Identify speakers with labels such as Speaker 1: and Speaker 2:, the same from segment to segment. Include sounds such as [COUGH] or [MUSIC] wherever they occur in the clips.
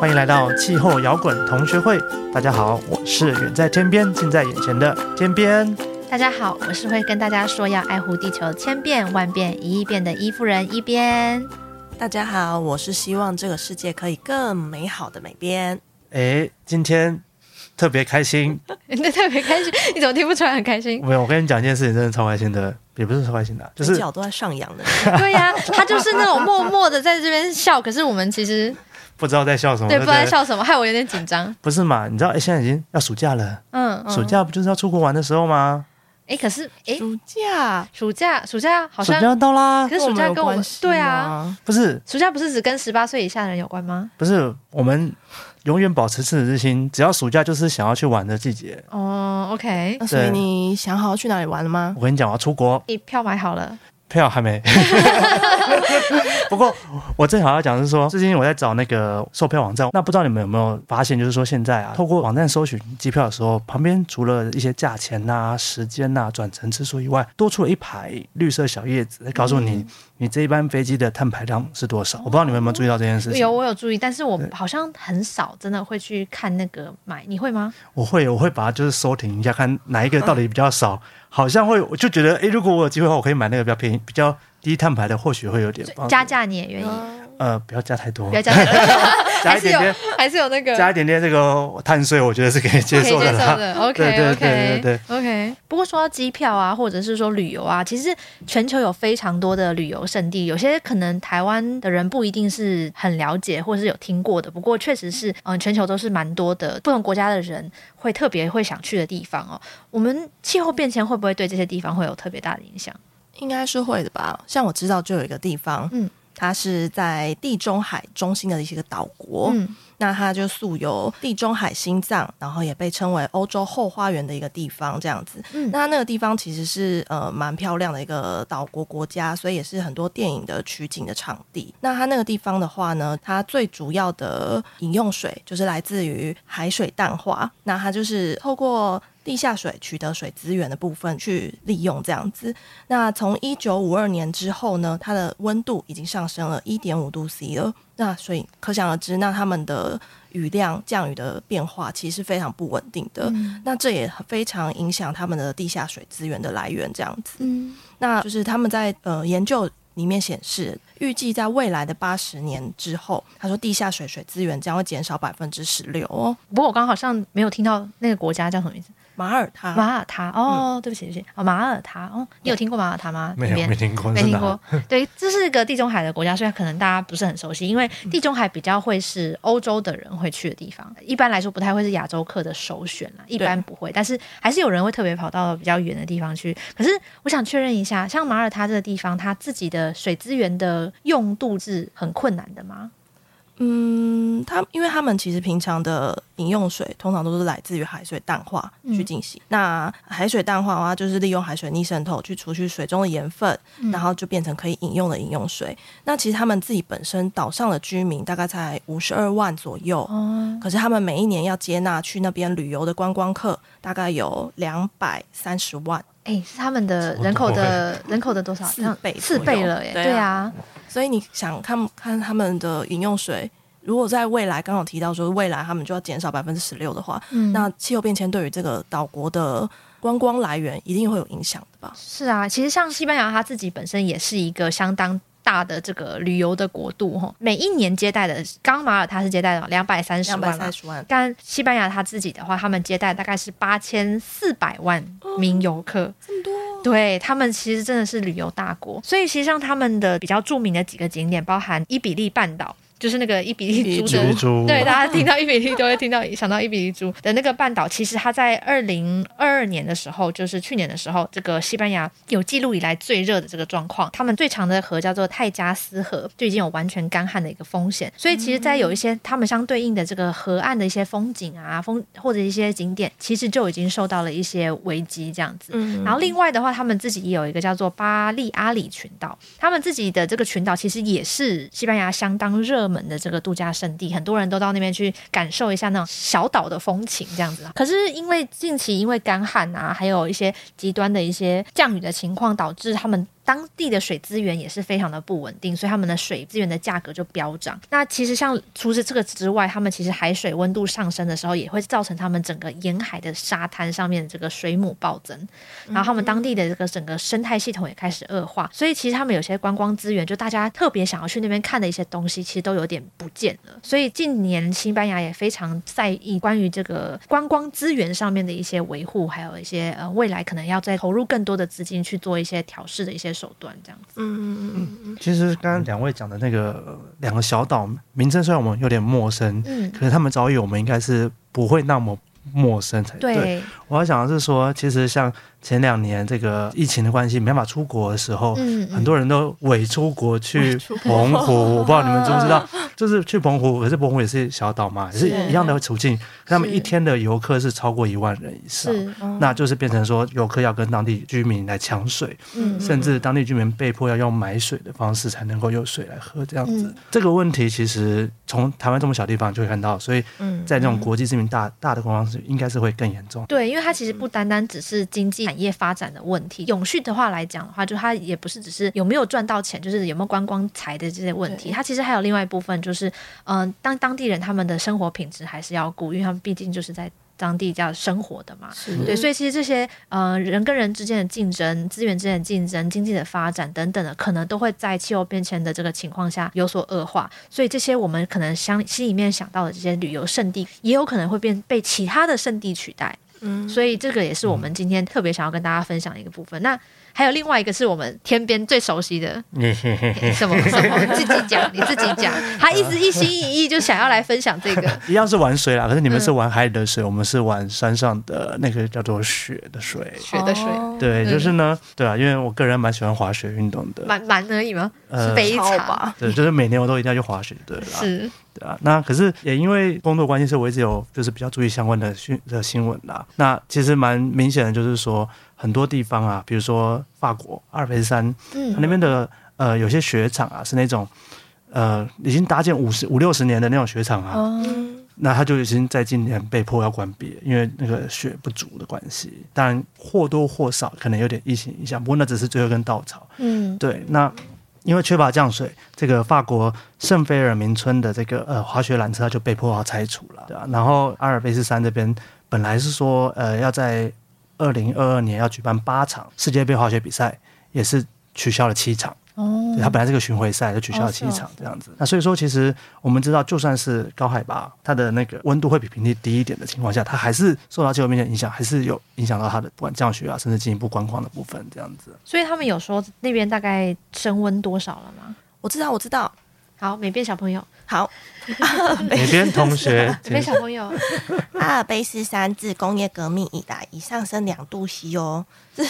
Speaker 1: 歡迎來到氣候搖滾同學會。大家好，我是遠在天邊近在眼前的天邊。大
Speaker 2: 家好，我是會跟大家說要愛護地球千變萬變一億變的一夫人一邊。
Speaker 3: 大家好，我是希望這個世界可以更美好的美邊。
Speaker 1: 哎，今天特別開心。
Speaker 3: 你 [LAUGHS] 特別開心？你怎麼聽不出來很開心？
Speaker 1: 沒有，我跟你講一件事情，真的超開心的，也不是超開心的，就是嘴角
Speaker 3: 都在上揚的。 [LAUGHS] 對呀、啊，他就是
Speaker 2: 那種默默的在這邊笑， [LAUGHS] 可是我們其實。
Speaker 1: 不知道在笑什麼，對，對，對，不知道在笑
Speaker 2: 什麼，害我有點緊張。
Speaker 1: 不是嘛？你知道，哎，現在已經要暑假了。
Speaker 2: 嗯，嗯，暑假
Speaker 1: 不就是要出國玩的時候嗎？
Speaker 2: 哎，可是，哎，暑假，暑假，暑假好像暑假要到啦。可是暑假跟我們跟我們對啊，
Speaker 1: 不是，
Speaker 2: 暑假不是只跟十八歲以下的人有關嗎？
Speaker 1: 不是，我們永遠保持赤子之心，只要暑假就是想要去玩的季節。
Speaker 3: 哦，OK，那所以你想好去哪裡玩了嗎？
Speaker 1: 我跟你講，我要出國，
Speaker 3: 一票買好了。
Speaker 1: 票還沒 [LAUGHS] [LAUGHS] 不過我正好要講是說，最近我在找那個售票網站，那不知道你們有沒有發現，就是說現在啊，透過網站搜尋機票的時候，旁邊除了一些價錢吶、啊、時間吶、啊、轉乘次數以外，多出了一排綠色小葉子，告訴你。嗯你這一班飛機的碳排量是多少，哦？我不知道你們有沒有注意到這件事情。有，我
Speaker 2: 有注意，但是我好像很少真的會去看那個買，你會嗎？
Speaker 1: 我會，我會把它就是搜尋一下，看哪一個到底比較少。嗯、好像會，我就覺得，哎，如果我有機會的話，我可以買那個比較便宜、比較低碳排的，或許會有點加
Speaker 2: 價，你也願意。嗯
Speaker 1: 呃，不要加太多， [LAUGHS] 加一點
Speaker 2: 點，還是有,還是有那個加一點
Speaker 1: 點這個碳稅，我覺得是可以接受的。OK 的 OK 對對對
Speaker 2: 對對 OK 不過說到機票啊，或者是說旅遊啊，其實全球有非常多的旅遊勝地，有些可能台灣的人不一定是很了解，或者是有聽過的。不過確實是，嗯，全球都是蠻多的，不同國家的人會特別會想去的地方哦、喔。我們氣候變遷會不會對這些地方會有特別大的影響？
Speaker 3: 應該是會的吧。像我知道就有一個地方，嗯。它是在地中海中心的一些個島國，嗯，那它就素有地中海心臟，然後也被稱為歐洲後花園的一個地方，這樣子。嗯，那它那個地方其實是呃蠻漂亮的一個島國國家，所以也是很多電影的取景的場地。那它那個地方的話呢，它最主要的飲用水就是來自於海水淡化，那它就是透過。地下水取得水資源的部分去利用這樣子。那從一九五二年之後呢，它的溫度已經上升了一點五度 C 了。那所以可想而知，那他們的雨量、降雨的變化其實是非常不穩定的、嗯。那這也非常影響他們的地下水資源的來源這樣子。嗯、那就是他們在呃研究裡面顯示，預計在未來的八十年之後，他說地下水水資源將會減少百分之十六哦。不過我剛剛好像沒有聽到那個國家叫什麼意思。馬耳他，馬耳他，哦、嗯，
Speaker 2: 對不起，對不起，哦，馬耳他，哦，你有聽過馬耳他嗎？沒有，沒聽過，沒聽過。對，這是一個地中海的國家，雖然可能大家不是很熟悉，因為地中海比較會是歐洲的人會去的地方，嗯、一般來說不太會是亞洲客的首選啦，一般不會，但是還是有人會特別跑到比較遠的地方去。可是我想確認一下，像馬耳他這個地方，它自己的水資源的用
Speaker 3: 度是很困難的嗎？嗯，他因為他們其實平常的飲用水通常都是來自於海水淡化去進行、嗯。那海水淡化的話，就是利用海水逆滲透去除去水中的鹽分、嗯，然後就變成可以飲用的飲用水。那其實他們自己本身島上的居民大概才五十二萬左右、哦，可是他們每一年要接納去那邊旅遊的觀光客大概有兩百三十萬。哎、欸，是他們的人口的人口的多少四倍四倍了耶，對、啊！對啊，所以你想看看他們的飲用水，如果在未來剛好提到說未來他們就要減少百分之十六的話，嗯、那氣候變遷對於這個島國的觀光來源一定會有影響的吧？
Speaker 2: 是啊，其實像西班牙，他自己本身也是一個相當。大的這個旅遊的國度哈，每一年接待的，剛馬爾他是接待了兩百三十萬，兩百三十萬。但西班牙他自己的話，他們接待大概是八千四百萬名遊客，哦、這麼多、哦。對他們其實真的是旅遊大國，所以其實像他們的比較著名的幾個景點，包含伊比利半島。就是那個伊比利的，伊比利對，大家聽到伊比利 [LAUGHS] 都會聽到想到伊比利的那個半島，其實它在二零二二年的時候，就是去年的時候，這個西班牙有記錄以來最熱的這個狀況，他們最長的河叫做泰加斯河，就已經有完全乾旱的一個風險。所以其實，在有一些他們相對應的這個河岸的一些風景啊，風或者一些景點，其實就已經受到了一些危機這樣子。然後另外的話，他們自己也有一個叫做巴利阿里群島，他們自己的這個群島其實也是西班牙相當熱門，們的這個度假勝地，很多人都到那邊去感受一下那種小島的風情，這樣子啊。可是因為近期因為乾旱啊，還有一些極端的一些降雨的情況，導致他們。當地的水資源也是非常的不穩定，所以他們的水資源的價格就飆漲。那其實像除了這個之外，他們其實海水溫度上升的時候，也會造成他們整個沿海的沙灘上面的這個水母暴增，嗯嗯，然後他們當地的這個整個生態系統也開始惡化。所以其實他們有些觀光資源，就大家特別想要去那邊看的一些東西，其實都有點不見了。所以近年，西班牙也非常在意關於這個觀光資源上面的一些維護，還有一些呃未來可能要再投入更多的資金去做一些調適的一些手段這樣
Speaker 1: 子，嗯嗯嗯嗯嗯。其實剛剛兩位講的那個兩、嗯、個小島名稱，雖然我們有點陌生，嗯、可是他們早已我們應該是不會那麼陌生才對,對。我要想的是說，其實像。前兩年這個疫情的關係，沒辦法出國的時候，嗯嗯，很多人都偽出國去澎湖，我 [LAUGHS] 不知道你們知不知道， [LAUGHS] 就是去澎湖，可是澎湖也是小島嘛，也是一樣的處境。他們一天的遊客是超過一萬人以上，那就是變成說遊客要跟當地居民來搶水，嗯嗯，甚至當地居民被迫要用買水的方式才能夠有水來喝這樣子。嗯、這個問題其實從台灣這麼小地方就會看到，所以在這種國際知名大、嗯嗯、大的觀光是應該是會更嚴重。
Speaker 2: 對，因為它其實不單單只是經濟。產業發展的問題，永續的話來講的話，就它也不是只是有沒有賺到錢，就是有沒有觀光財的這些問題。它其實還有另外一部分，就是嗯、呃，當當地人他們的生活品質還是要顧，因為他們畢竟就是在當地這樣生活的嘛。是。對，所以其實這些嗯、呃、人跟人之間的競爭、資源之間的競爭、經濟的發展等等的，可能都會在氣候變遷的這個情況下有所惡化。所以這些我們可能想心裡面想到的這些旅遊勝地，也有可能會變被其他的勝地取代。嗯，所以這個也是我們今天特別想要跟大家分享的一個部分。那。還有另外一個是我們天邊最熟悉的，什
Speaker 1: 麼
Speaker 2: 什麼？自己講，你自己講。他一直一心一意，意就想要來分享這個
Speaker 1: [LAUGHS] 一樣是玩水啦。可是你們是玩海裡的水，嗯，我們是玩山上的那個叫做雪的水。雪
Speaker 2: 的水，哦，對，就是
Speaker 1: 呢，嗯，對啊，因為我個人蠻喜歡滑雪運動的，
Speaker 2: 蠻蠻而已嘛，是杯子吧？對，就
Speaker 1: 是每年我都一定要去滑雪，對啦。是，對啊。那可是也因為工作關係，是我一直有就是比較注意相關的訊的新聞啦。那其實蠻明顯的，就是說。很多地方啊，比如說法國阿爾卑斯山，嗯、它那邊的呃有些雪場啊，是那種呃已經搭建五十五六十年的那種雪場啊，哦、那他就已經在今年被迫要關閉了，因為那個雪不足的關係。當然或多或少可能有點疫情影響，不過那只是最後一根稻草。嗯，對。那因為缺乏降水，這個法國聖菲爾明村的這個呃滑雪纜車就被迫要拆除了，啊。對啊，然後阿爾卑斯山這邊本來是說呃要在。二零二二年要舉辦八場世界杯滑雪比賽，也是取消了七場。哦、oh,，它本來是個巡回賽，就取消了七場這樣子。Oh, so. 那所以說，其實我們知道，就算是高海拔，它的那個溫度會比平地低一點的情況下，它還是受到氣候變遷的影響，還是有影響到它的不管降雪啊，甚至進一步觀光的部分這樣子。
Speaker 2: 所以他們有說那邊大概升溫多少了嗎？我知道，我知道。
Speaker 3: 好，美邊小朋友，好，美邊同學，美邊小朋友，阿爾卑斯山自工業革命以來已上升兩度 C 哦，是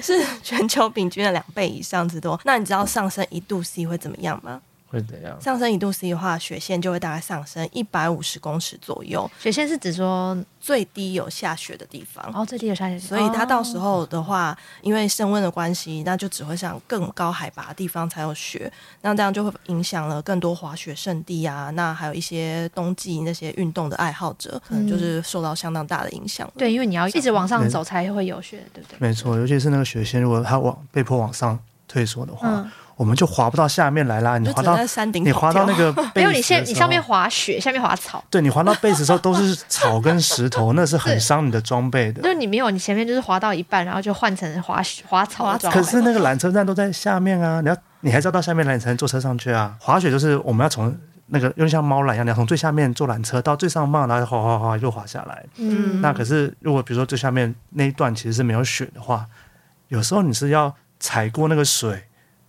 Speaker 3: 是全球平均的兩倍以上之多。那你知道上升一度 C 會怎麼樣嗎？會怎樣？上升一度 C 的話，雪線就會大概上升一百五十公尺左右。雪線是指說最低有下雪的地方，哦，最低有下雪，所以它到時候的話，哦、因為升溫的關係，那就只會像更高海拔的地方才有雪。那這樣就會影響了更多滑雪勝地啊，那還有一些冬季那些運動的愛好者、嗯，可能就是受到相當大的影響。對，因為你要一直往上走才會有雪，對
Speaker 1: 不對？沒錯，尤其是那個雪線，如果它往被迫往上。退縮的話、嗯，我們就滑不到下面來啦。你滑到山頂，你滑到那個沒有你現你上面
Speaker 2: 滑雪，下面滑草。
Speaker 1: 對，你滑到背的時候都是草跟石頭， [LAUGHS] 那是很傷你的裝備的。是
Speaker 2: 就是你沒有，你前面就是滑到一半，然後就換成滑雪滑草。可是那
Speaker 1: 個纜車站都在下面啊，你要你還是要到下面來，你才能坐車上去啊。滑雪就是我們要從那個用像貓纜一樣，你要從最下面坐纜車到最上面，然後嘩嘩嘩又滑下來。嗯，那可是如果比如說最下面那一段其實是沒有雪的話，有時候你是要踩過那個水，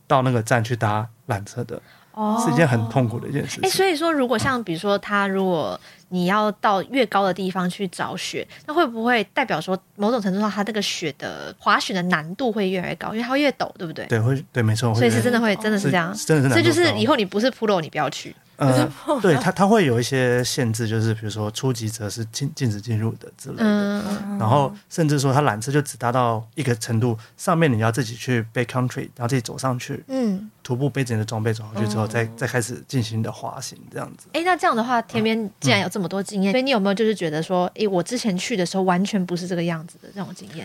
Speaker 1: 到那個站去搭纜車的。
Speaker 2: 哦，是一件很
Speaker 1: 痛苦的一件事情。情，欸，所以
Speaker 2: 說，如果像比如說他，如果你要到越高的地方去找雪，那會不會代表說某種程度上，他這個雪的滑雪的難度會越來越高？因為它會越陡，對不對？對，
Speaker 1: 會，對，沒錯。所以是真的會，真的是這樣，哦是是。所以就是以
Speaker 2: 後你不是 pro，你不要去。
Speaker 1: 嗯、對它它會有一些限制，就是比如說初級者是禁禁止進入的之類的、嗯。然後甚至說它纜車就只搭到一個程度，上面你要自己去 back country，然後自己走上去。嗯。徒步背着你的裝備走上去之後，嗯、再再開始進行的滑行，這樣子。
Speaker 2: 哎，那這樣的話，天邊既然有這麼多經驗、嗯嗯，所以你有沒有就是覺得說，哎，我之前去的時候完全不是這個樣子的這種經驗？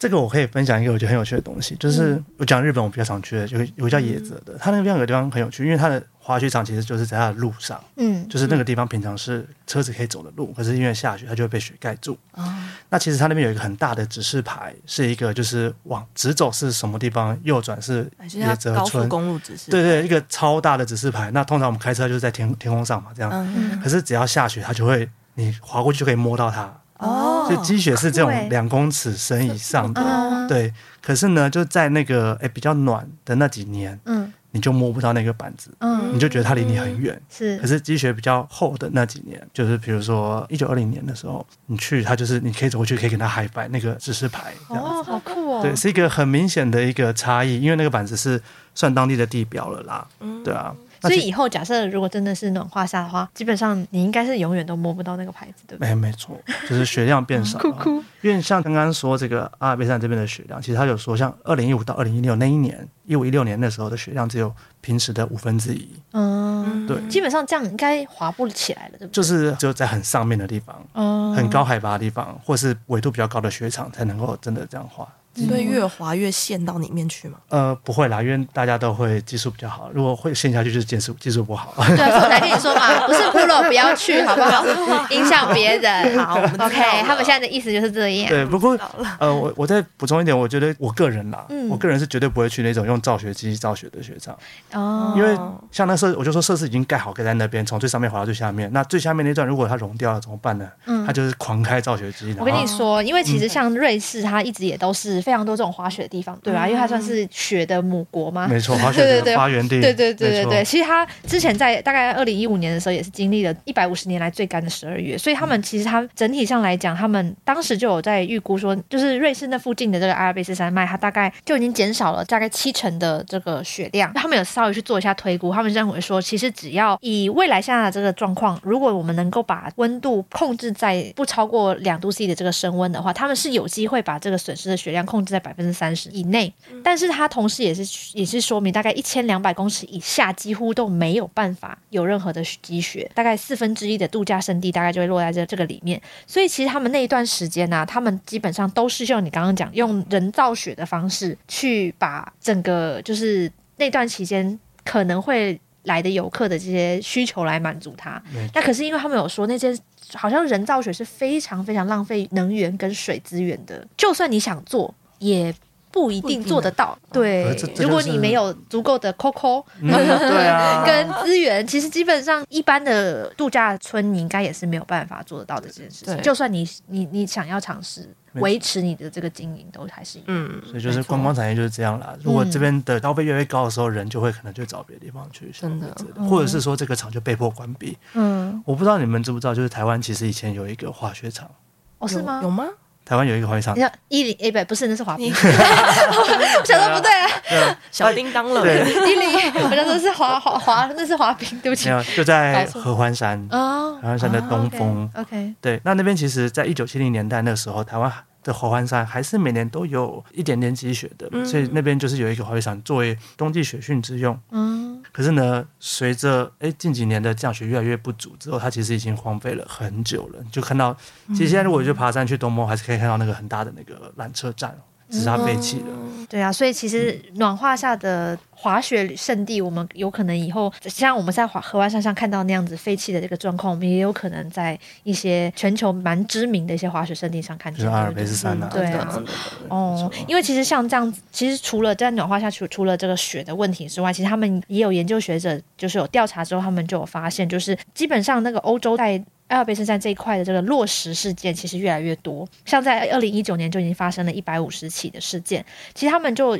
Speaker 1: 這個我可以分享一個我覺得很有趣的東西，就是、嗯、我講日本，我比較常去的，有有個叫野澤的，他、嗯、那邊有個地方很有趣，因為他的。滑雪場其實就是在它的路上，嗯，就是那個地方，平常是車子可以走的路，嗯、可是因為下雪，它就會被雪蓋住、嗯。那其實它那邊有一個很大的指示牌，是一個就是往直走是什麼地方，右轉是野澤村。啊、高速公路指示牌。對對、嗯，一個超大的指示牌。那通常我們開車就是在天天空上嘛，這樣。嗯、可是只要下雪，它就會你滑過去就可以摸到它。哦。所以積雪是這種兩公尺深以上的、嗯。對。可是呢，就在那個誒比較暖的那幾年，嗯。你就摸不到那個板子，嗯，你就覺得它離你很遠，嗯，是。可是積雪比較厚的那幾年，就是比如說一九二零年的時候，你去它就是你可以走過去，可以給它海拔那個指示牌。
Speaker 2: 哦，這樣子，好酷哦，對，是
Speaker 1: 一個很明顯的一個差異，因為那個板子是算當地的地標了啦，嗯，對啊。所以以
Speaker 2: 後假設如果真的是暖化下的話，基本上你應該是永遠都摸不到那個牌子的。沒沒
Speaker 1: 錯，就是雪量變少。哭 [LAUGHS] 哭。因為像剛剛說這個阿爾卑斯山這邊的雪量，其實他有說像二零一五到二零一六那一年，一五一六年那時候的雪量只有平時的五分之一。嗯，
Speaker 2: 嗯對。基本上這樣應該滑不起來了，對不對？就
Speaker 1: 是只有在很上面的地方，嗯、很高海拔的地方，或是緯度比較高的雪場才能夠真的這樣滑。會越
Speaker 3: 滑越陷到裡面去嗎、嗯？
Speaker 1: 呃，不會啦，因為大家都會技術比較好。如果會陷下去，就是技術技術不好。對，我
Speaker 3: 來跟你說嘛，不是骷髏不要去，好不好？影 [LAUGHS] 響 [LAUGHS] 別人。
Speaker 2: 好，OK。 [LAUGHS] 他們現在的意思就是這樣。對，不過呃，
Speaker 1: 我我再補充一點，我覺得我個人啦、嗯，我個人是絕對不會去那種用造雪機造雪的雪場。哦、嗯，因為像那設，我就說設施已經蓋好，蓋在那邊，從最上面滑到最下面。那最下面那一段，如果它融掉了怎麼辦呢？嗯，它就是狂開造雪機。我跟你說、嗯，因為其實
Speaker 2: 像瑞士，它一直也都是。非常多這種滑雪的地方，對吧？因為它算是雪的母國嘛，沒、嗯、錯，滑雪的發源地，對對對對對。其實它之前在大概二零一五年的時候，也是經歷了一百五十年來最乾的十二月。所以他們其實，他整體上來講，他們當時就有在預估說，就是瑞士那附近的這個阿爾卑斯山脈，它大概就已經減少了大概七成的這個雪量。他們有稍微去做一下推估，他們認為說，其實只要以未來現在的這個狀況，如果我們能夠把溫度控制在不超過兩度 C 的這個升溫的話，他們是有機會把這個損失的雪量。控制在百分之三十以內，但是它同時也是也是說明，大概一千兩百公尺以下幾乎都沒有辦法有任何的積雪，大概四分之一的度假勝地大概就會落在這這個裡面。所以其實他們那一段時間呢、啊，他們基本上都是用你剛剛講用人造雪的方式去把整個就是那段期間可能會來的遊客的這些需求來滿足他、嗯。那可是因為他們有說那些好像人造雪是非常非常浪費能源跟水資源的，就算你想做。也不一定做得到，對、呃，就是。如果你沒有足夠的 coco，嗯、 [LAUGHS] 對、啊，跟資源，其實基本上一般的度假村，你應該也是沒有辦法做得到的這件事情。就算你你你想要嘗試維持你的這個經營，都還是嗯。
Speaker 1: 所以就是觀光產業就是這樣啦。嗯、如果這邊的消費越來越高的時候、嗯，人就會可能去找別的地方去，真的，的嗯、或者是說這個廠就被迫關閉。嗯，我不知道你們知不知道，就是台灣其實以前有一個滑雪場。
Speaker 2: 哦，是嗎？有，有嗎？
Speaker 1: 台灣有一個滑雪場，
Speaker 2: 叫一零誒，不，不是，那是滑
Speaker 1: 冰。 [LAUGHS] [LAUGHS] 我想說不對啊，對啊，對啊，呃，小叮噹了，對，一零 [LAUGHS] 我想
Speaker 2: 說是滑滑滑，那是滑冰，對不起。沒有，就在合
Speaker 1: 歡山，合歡山的東峰。Oh, okay, OK，對，那那邊其實在一九七零年代那個時候，台灣。的合歡山還是每年都有一點點積雪的，嗯，所以那邊就是有一個滑雪場作為冬季雪訓之用，嗯。可是呢，隨着誒近幾年的降雪越來越不足之後，它其實已經荒廢了很久了。就看到，其實現在如果去爬山去冬摸，嗯，還是可以看到那個很大的那個纜車站，只是它廢棄了。嗯嗯
Speaker 2: 對啊，所以其實暖化下的滑雪勝地，我們有可能以後像我們在合歡山上看到那樣子廢棄的這個狀況，我們也有可能在一些全球蠻知名的一些滑雪勝地上看到，就是阿爾
Speaker 1: 卑斯山啊，嗯、對
Speaker 2: 啊，哦、嗯，因為其實像這樣，其實除了在暖化下除除了這個雪的問題之外，其實他們也有研究學者，就是有調查之後，他們就有發現，就是基本上那個歐洲在。阿爾卑斯山這一塊的這個落石事件其實越來越多，像在二零一九年就已經發生了一百五十起的事件。其實他們就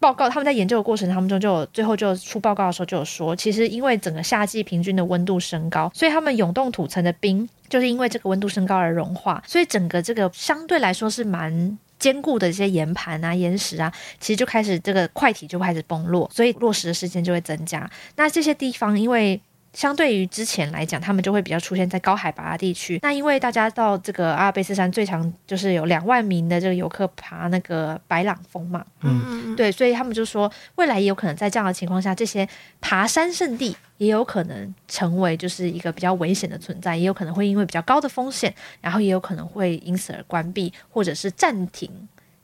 Speaker 2: 報告，他們在研究的過程，當中就有最後就出報告的時候就有說，其實因為整個夏季平均的溫度升高，所以他們永凍土層的冰就是因為這個溫度升高而融化，所以整個這個相對來說是蠻堅固的一些岩盤啊、岩石啊，其實就開始這個塊體就開始崩落，所以落石的事件就會增加。那這些地方因為相對於之前來講，他們就會比較出現在高海拔的地區。那因為大家到這個阿爾卑斯山最常就是有兩萬名的這個遊客爬那個白朗峰嘛，嗯，對，所以他們就說，未來也有可能在這樣的情況下，這些爬山聖地也有可能成為就是一個比較危險的存在，也有可能會因為比較高的風險，然後也有可能會因此而關閉或者是暫停，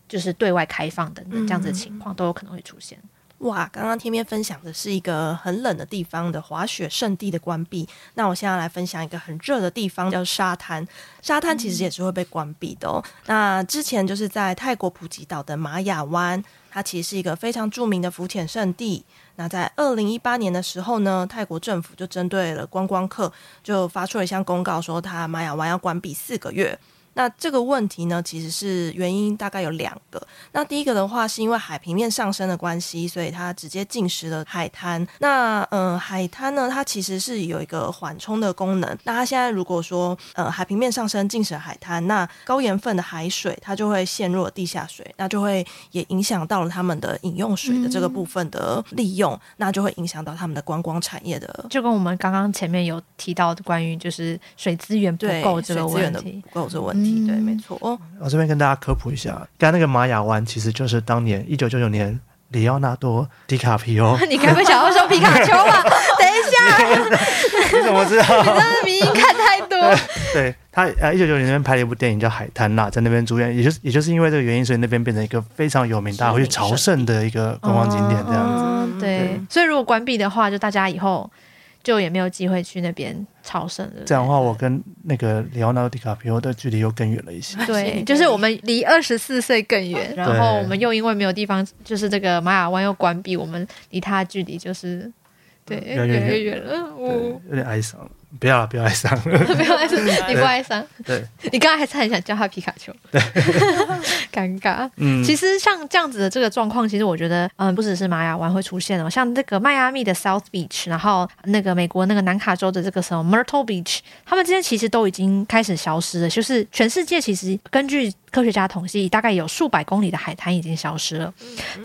Speaker 2: 就是對外開放等等這樣子的情況都有可能會出現。嗯
Speaker 3: 哇，剛剛天邊分享的是一個很冷的地方的滑雪勝地的關閉。那我現在要來分享一個很熱的地方，叫沙灘。沙灘其實也是會被關閉的哦。那之前就是在泰國普吉島的瑪雅灣，它其實是一個非常著名的浮潛勝地。那在二零一八年的時候呢，泰國政府就針對了觀光客，就發出了一項公告，說它瑪雅灣要關閉四個月。那這個問題呢，其實是原因大概有兩個。那第一個的話，是因為海平面上升的關係，所以它直接侵蝕了海灘。那呃，海灘呢，它其實是有一個緩衝的功能。那它現在如果說呃海平面上升侵蝕海灘，那高鹽分的海水它就會陷入了地下水，那就會也影響到了他們的飲用水的這個部分的利用，嗯、那就會影響到他們的觀光產業的。就跟我們剛剛前面有提到的關於就是水資源不夠這個問題。對，水資源的不夠這個問題。嗯，對，
Speaker 1: 沒錯。哦，我這邊跟大家科普一下，剛剛那個瑪雅灣其實就是當年一九九九年里奧納多·迪卡皮奧， [LAUGHS] 你該不會想要說皮卡丘吧？ [LAUGHS] 等一下你，你怎麼知道？ [LAUGHS] 你的迷因看太多。 [LAUGHS] 對，對他，呃，一九九九年那邊拍了一部電影叫《海灘》，那在那邊主演，也就是、也就是因為這個原因，所以那邊變成一個非常有名，大家會去朝聖的一個觀光景點
Speaker 2: 這樣子。嗯嗯、對，對，所以如果關閉的話，就大家以後。就也沒有機會去那邊朝聖了。這樣
Speaker 1: 的話，我跟那個李奧納多·迪卡普裡奧的距離又更遠了一些。對，就
Speaker 2: 是我們離二十四歲更遠， [LAUGHS] 然後我們又因為沒有地方，就是這個瑪雅灣又關閉，我們離他距離就是對,對越來越遠了,越來
Speaker 1: 越遠了，我有點哀傷。不要了，不要哀傷， [LAUGHS] 不要哀傷，你不愛上。對，
Speaker 2: 你剛剛還是很想叫他皮卡丘。對，尷尬。嗯，其實像這樣子的這個狀況，其實我覺得，嗯，不只是瑪雅灣會出現哦，像那個邁阿密的 South Beach，然後那個美國那個南卡州的這個什麼 Myrtle Beach，他們之間其實都已經開始消失了。就是全世界其實根據科學家統計，大概有數百公里的海灘已經消失了。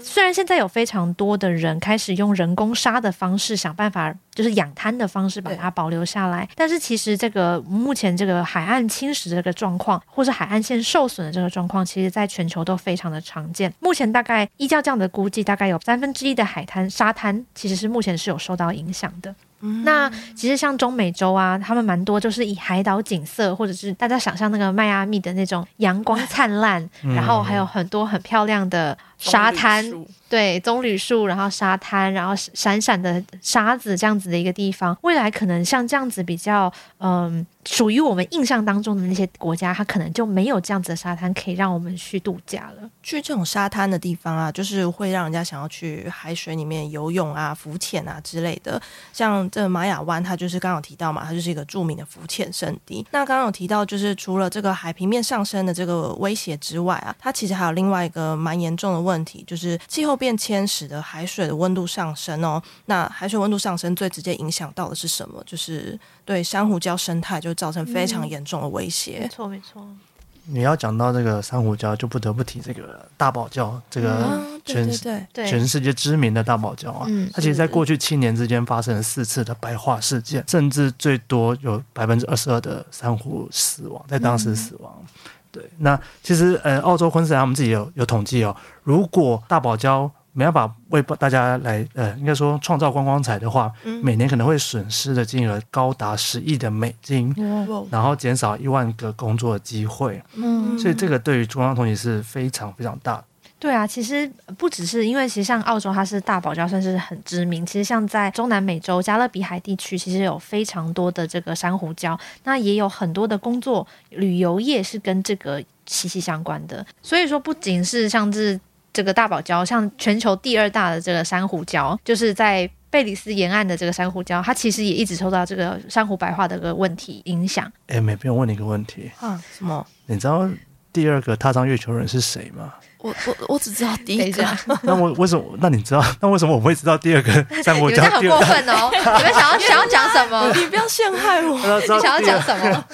Speaker 2: 雖然現在有非常多的人開始用人工沙的方式想辦法。就是養灘的方式把它保留下來，但是其實這個目前這個海岸侵蝕這個狀況，或是海岸線受損的這個狀況，其實在全球都非常的常見。目前大概依照這樣的估計，大概有三分之一的海灘沙灘其實是目前是有受到影響的。嗯。那其實像中美洲啊，他們蠻多就是以海島景色，或者是大家想象那個邁阿密的那種陽光燦爛，嗯，然後還有很多很漂亮的。沙灘，對，棕櫚樹，然後沙灘，然後閃閃的沙子這樣子的一個地方，未來可能像這樣子比較嗯、呃，屬於我們印象當中的那些國
Speaker 3: 家，它可能就沒有這樣子的沙灘可以讓我們去度假了。去這種沙灘的地方啊，就是會讓人家想要去海水裡面游泳啊、浮潛啊之類的。像這瑪雅灣，它就是剛剛有提到嘛，它就是一個著名的浮潛聖地。那剛剛有提到，就是除了這個海平面上升的這個威脅之外啊，它其實還有另外一個蠻嚴重的問題。問題就是氣候變遷使得海水的溫度上升哦，那海水溫度上升最直接影響到的是什麼？就是對珊瑚礁生態就造成非常嚴重的威脅。沒
Speaker 1: 錯、嗯，沒錯。你要講到這個珊瑚礁，就不得不提這個大堡礁，這個全世界、嗯、全世界知名的大堡礁啊、嗯。它其實在過去七年之間發生了四次的白化事件，甚至最多有百分之二十二的珊瑚死亡，在當時死亡。嗯對，那其實呃，澳洲昆士蘭他們自己有有統計哦，如果大堡礁沒辦法為大家來呃，應該說創造觀光財的話，嗯、每年可能會損失的金額高達十億的美金，嗯、然後減少一萬個工作機會，嗯，所以這個對於中央統計是非常非常大的。
Speaker 2: 對啊，其實不只是因為，其實像澳洲，它是大堡礁算是很知名。其實像在中南美洲、加勒比海地區，其實有非常多的這個珊瑚礁，那也有很多的工作旅遊業是跟這個息息相關的。所以說，不僅是像是這個大堡礁，像全球第二大的這個珊瑚礁，就是在貝里斯沿岸的這個珊瑚礁，它其實也一直受到這個珊瑚白化的個問題影響。
Speaker 1: 誒，美兵，我問你一個問題啊，
Speaker 3: 什麼？
Speaker 1: 你知道第二個踏上月球人是誰嗎？
Speaker 3: 我我我只知道第一,一
Speaker 1: 下。那我為什麼？那你知道？那為什麼我會知道第二個三？ [LAUGHS] 在莫家很過分哦！ [LAUGHS] 你們想要想要講什麼？你不要陷害我！ [LAUGHS] 你想要講什麼？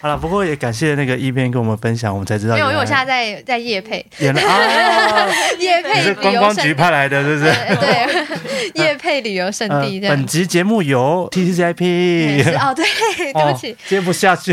Speaker 1: [LAUGHS] [LAUGHS] 好了，不過也感謝那個一邊跟我們分享，我們才知道有沒有。因
Speaker 2: 為因為我現在在在業配。夜葉、啊 [LAUGHS] 啊、 [LAUGHS] 配旅。是觀光局派
Speaker 1: 來的，是不是？ [LAUGHS] 嗯、對。
Speaker 2: 業配旅遊勝地。啊、本
Speaker 1: 集節目由 TCCIP、yes, 哦。哦對，對不起，接不下去。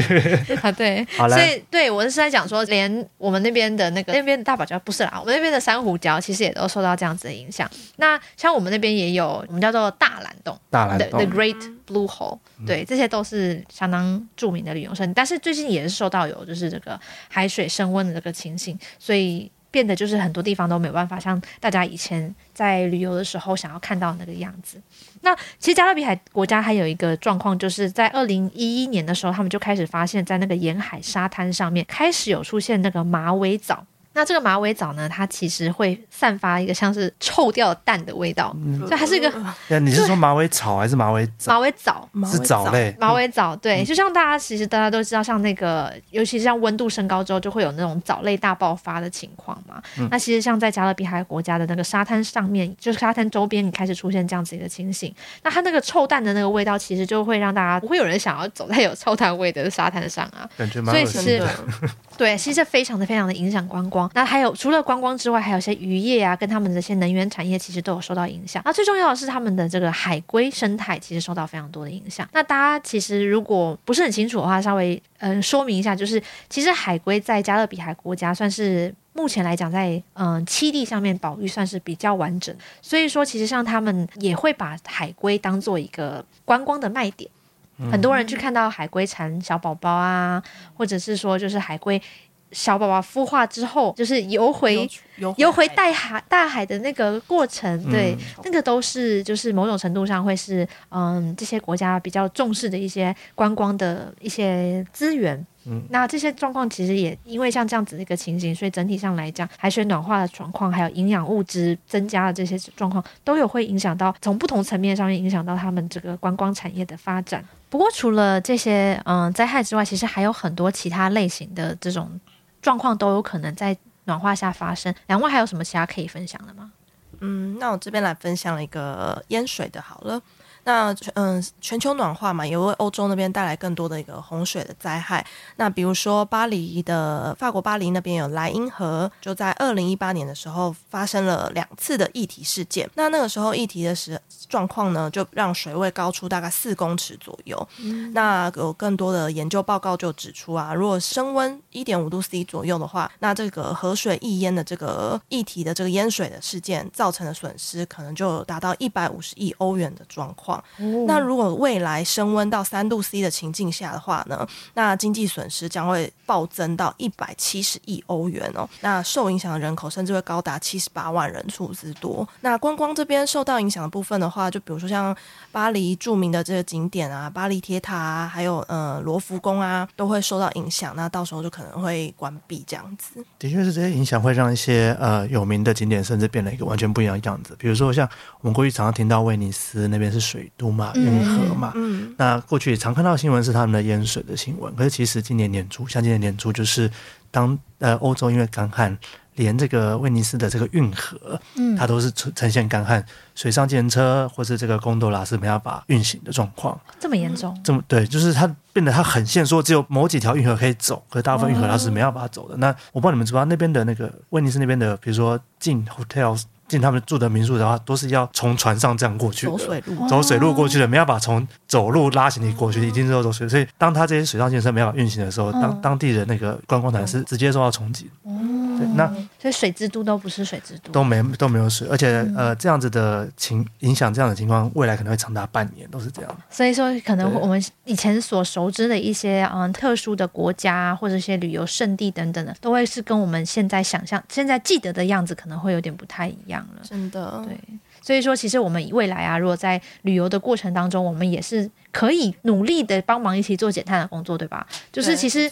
Speaker 1: 啊對，
Speaker 2: 對，好了。所以對我是在講說，連我們那邊的那個那邊。大堡礁不是啦，我們那邊的珊瑚礁其實也都受到這樣子的影響。那像我們那邊也有我們叫做大藍洞，大藍洞 The Great Blue Hole，嗯，對，這些都是相當著名的旅遊勝地。但是最近也是受到有就是這個海水升溫的這個情形，所以變得就是很多地方都沒辦法像大家以前在旅遊的時候想要看到的那個樣子。那其實加勒比海國家還有一個狀況，就是在二零一一年的時候，他們就開始發現在那個沿海沙灘上面開始有出現那個馬尾藻。那這個馬尾藻呢？它其實會散發一個像是臭掉的蛋的味道、嗯，所以還是
Speaker 1: 一個、嗯。你是說馬尾草還是馬尾藻？馬
Speaker 2: 尾藻，是藻類。馬尾藻、嗯，對。就像大家其實大家都知道，像那個，嗯、尤其是像溫度升高之後，就會有那種藻類大爆發的情況嘛、嗯。那其實像在加勒比海國家的那個沙灘上面，就是沙灘周邊，你開始出現這樣子的情形，那它那個臭蛋的那個味道，其實就會讓大家不會有人想要走在有臭蛋味的沙灘上啊。感覺蠻噁心的對、嗯，其實這非常的、非常的影響觀光。那還有，除了觀光之外，還有一些漁業啊，跟他們的這些能源產業，其實都有受到影響。那最重要的是他們的這個海龜生態，其實受到非常多的影響。那大家其實如果不是很清楚的話，稍微嗯、呃、說明一下，就是其實海龜在加勒比海國家，算是目前來講在嗯棲、呃、地上面保育算是比較完整。所以說，其實像他們也會把海龜當做一個觀光的賣點、嗯，很多人去看到海龜產小寶寶啊，或者是說就是海龜。小寶寶孵化之後，就是游回游，游回大海大海的那個過程，嗯，對，那個都是就是某種程度上會是嗯這些國家比較重視的一些觀光的一些資源。嗯，那這些狀況其實也因為像這樣子的一個情形，所以整體上來講，海水暖化的狀況，還有營養物質增加的這些狀況，都有會影響到，從不同層面上面影響到他們這個觀光產業的發展。不過除了這些嗯災害之外，其實還有很多其他類型的這種。狀況都有可能在暖化下發生，兩位還有什麼其他可以分享的嗎？嗯，
Speaker 3: 那我這邊來分享一個淹水的好了。那嗯、呃，全球暖化嘛，也為歐洲那邊帶來更多的一個洪水的災害。那比如說巴黎的法國巴黎那邊有萊茵河，就在二零一八年的時候發生了兩次的溢堤事件。那那個時候溢堤的時狀況呢，就讓水位高出大概四公尺左右，嗯。那有更多的研究報告就指出啊，如果升溫一點五度 C 左右的話，那這個河水溢淹的這個溢堤的這個淹水的事件造成的損失，可能就達到一百五十億歐元的狀況。哦、那如果未來升溫到三度 C 的情境下的話呢？那經濟損失將會暴增到一百七十億歐元哦。那受影響的人口甚至會高達七十八萬人次之多。那觀光這邊受到影響的部分的話，就比如說像巴黎著名的這些景點啊，巴黎鐵塔啊，還有呃羅浮宮啊，都會受到影響。那到時候就可能會關閉這樣子。
Speaker 1: 的確是這些影響會讓一些呃有名的景點甚至變了一個完全不一樣的樣子。比如說像我們過去常常聽到威尼斯那邊是水。水都嘛，運河嘛，嗯，嗯，那過去常看到新聞是他們的淹水的新聞。可是其實今年年初，像今年年初，就是當呃歐洲因為乾旱，連這個威尼斯的這個運河，嗯，它都是呈呈現乾旱，水上計程車或是這個貢多拉是沒辦法運行的狀況。
Speaker 2: 這麼嚴重？
Speaker 1: 這麼對，就是它變得它很限縮，只有某幾條運河可以走，可是大部分運河它是沒辦法走的。哦。那我不知道你們知不知道那邊的那個威尼斯那邊的，比如說進 hotels。進他們住的民宿的話，都是要從船上這樣過去走水路，走水路過去的，沒辦法從。走路拉行李過去，已經是要走水。所以，當他這些水上建設沒法運行的時候，當、嗯、當地的那個觀光團是直接受到衝擊。哦、嗯，
Speaker 2: 對，那所以水之都都不是水之都，都
Speaker 1: 沒都沒有水，嗯、而且呃，這樣子的情影響這樣的情況，未來可能會長達半年都是這樣。
Speaker 2: 所以說，可能我們以前所熟知的一些嗯特殊的國家或者一些旅遊勝地等等的，都會是跟我們現在想象、現在記得的樣子，可能會有點不太一樣了。真的，對。所以說，其實我們未來啊，如果在旅遊的過程當中，我們也是，可以努力的幫忙一起做減碳的工作，對吧？就是其實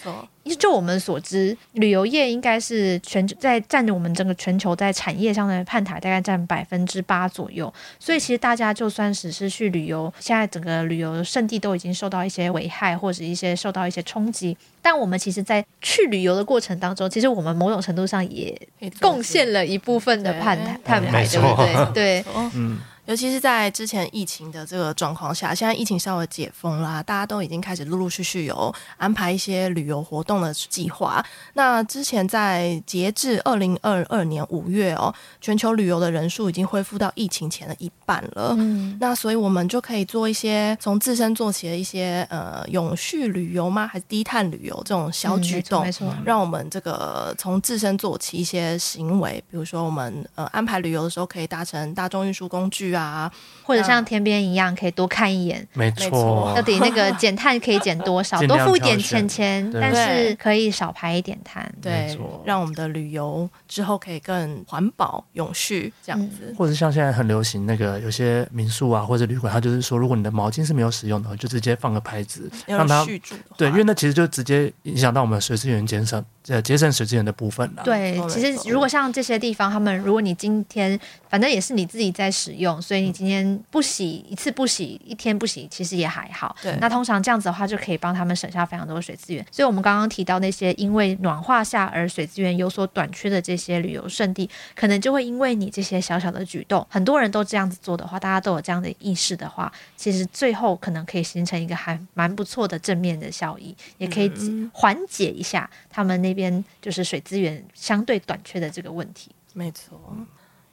Speaker 2: 就我們所知，旅遊業應該是全在佔着我們整個全球在產業上的碳排，大概佔百分之八左右。所以其實大家就算是去旅遊，現在整個旅遊勝地都已經受到一些危害或者是一些受到一些衝擊。但我們其實，在去旅遊的過程當中，其實我們某種程度上也貢獻了一部分的碳
Speaker 3: 碳排，對不對？對，嗯。尤其是在之前疫情的這個狀況下，現在疫情稍微解封啦，大家都已經開始陸陸續續有安排一些旅遊活動的計劃。那之前在截至二零二二年五月哦，全球旅遊的人數已經恢復到疫情前的一半了。嗯。那所以我們就可以做一些從自身做起的一些呃永續旅遊嗎？還是低碳旅遊這種小舉動？嗯，沒錯，讓我們這個從自身做起一些行為，比如說我們呃安排旅遊的時候可以搭乘大眾運輸工具。啊，或者像天邊一樣，可以多看一
Speaker 2: 眼，沒錯。到底那個減碳可以減多少？ [LAUGHS] 多付一點錢錢，但是可
Speaker 3: 以少排一點碳，對，讓我們的旅遊之後可以更環保、永續這樣子。嗯。
Speaker 1: 或者像現在很流行那個，有些民宿啊或者旅館，他就是說，如果你的毛巾是沒有使用的話，就直接放個牌子，讓它續住，對，因為那其實就直接影響到我們水資源節省。呃，節省水資源的部分了。對，
Speaker 2: 其實如果像這些地方，他們如果你今天反正也是你自己在使用。所以你今天不洗一次不洗一天不洗，其實也還好。對，那通常這樣子的話，就可以幫他們省下非常多的水資源。所以，我們剛剛提到那些因為暖化下而水資源有所短缺的這些旅遊勝地，可能就會因為你這些小小的舉動，很多人都這樣子做的話，大家都有這樣的意識的話，其實最後可能可以形成一個還蠻不錯的正面的效益，嗯、也可以解緩解一下他們那邊就是水資源相對短缺的這個問題。沒錯。嗯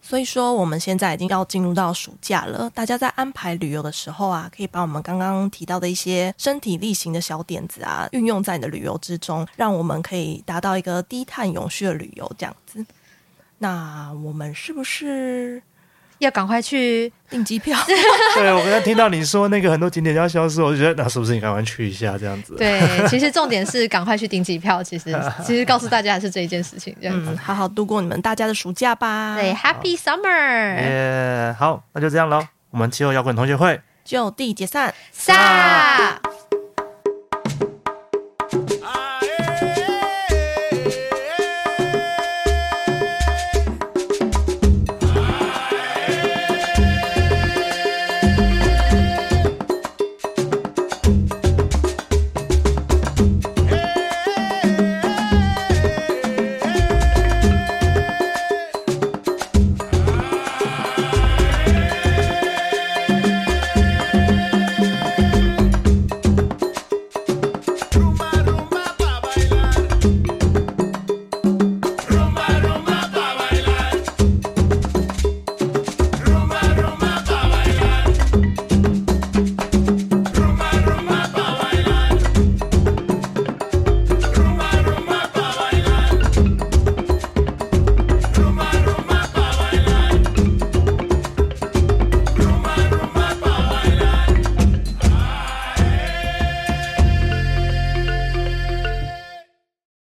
Speaker 3: 所以說，我們現在已經要進入到暑假了。大家在安排旅遊的時候啊，可以把我們剛剛提到的一些身體力行的小點子啊，運用在你的旅遊之中，讓我們可以達到一個低碳、永續的旅遊這樣子。那我們是不是？要趕快去訂機票。 [LAUGHS] 對，
Speaker 1: 我剛才聽到你說那個很多景點要消失，我就覺得那是不是你趕快去一下這樣子？對，其
Speaker 2: 實重點是趕快去訂機票。 [LAUGHS]
Speaker 3: 其實其實告訴大家還是這一件事情，這樣子、嗯、好好度過你們大家的暑假吧。對，Happy Summer。好，
Speaker 1: yeah, 好，那就這樣嘍。我們氣候搖滾同學會
Speaker 3: 就地解散，散。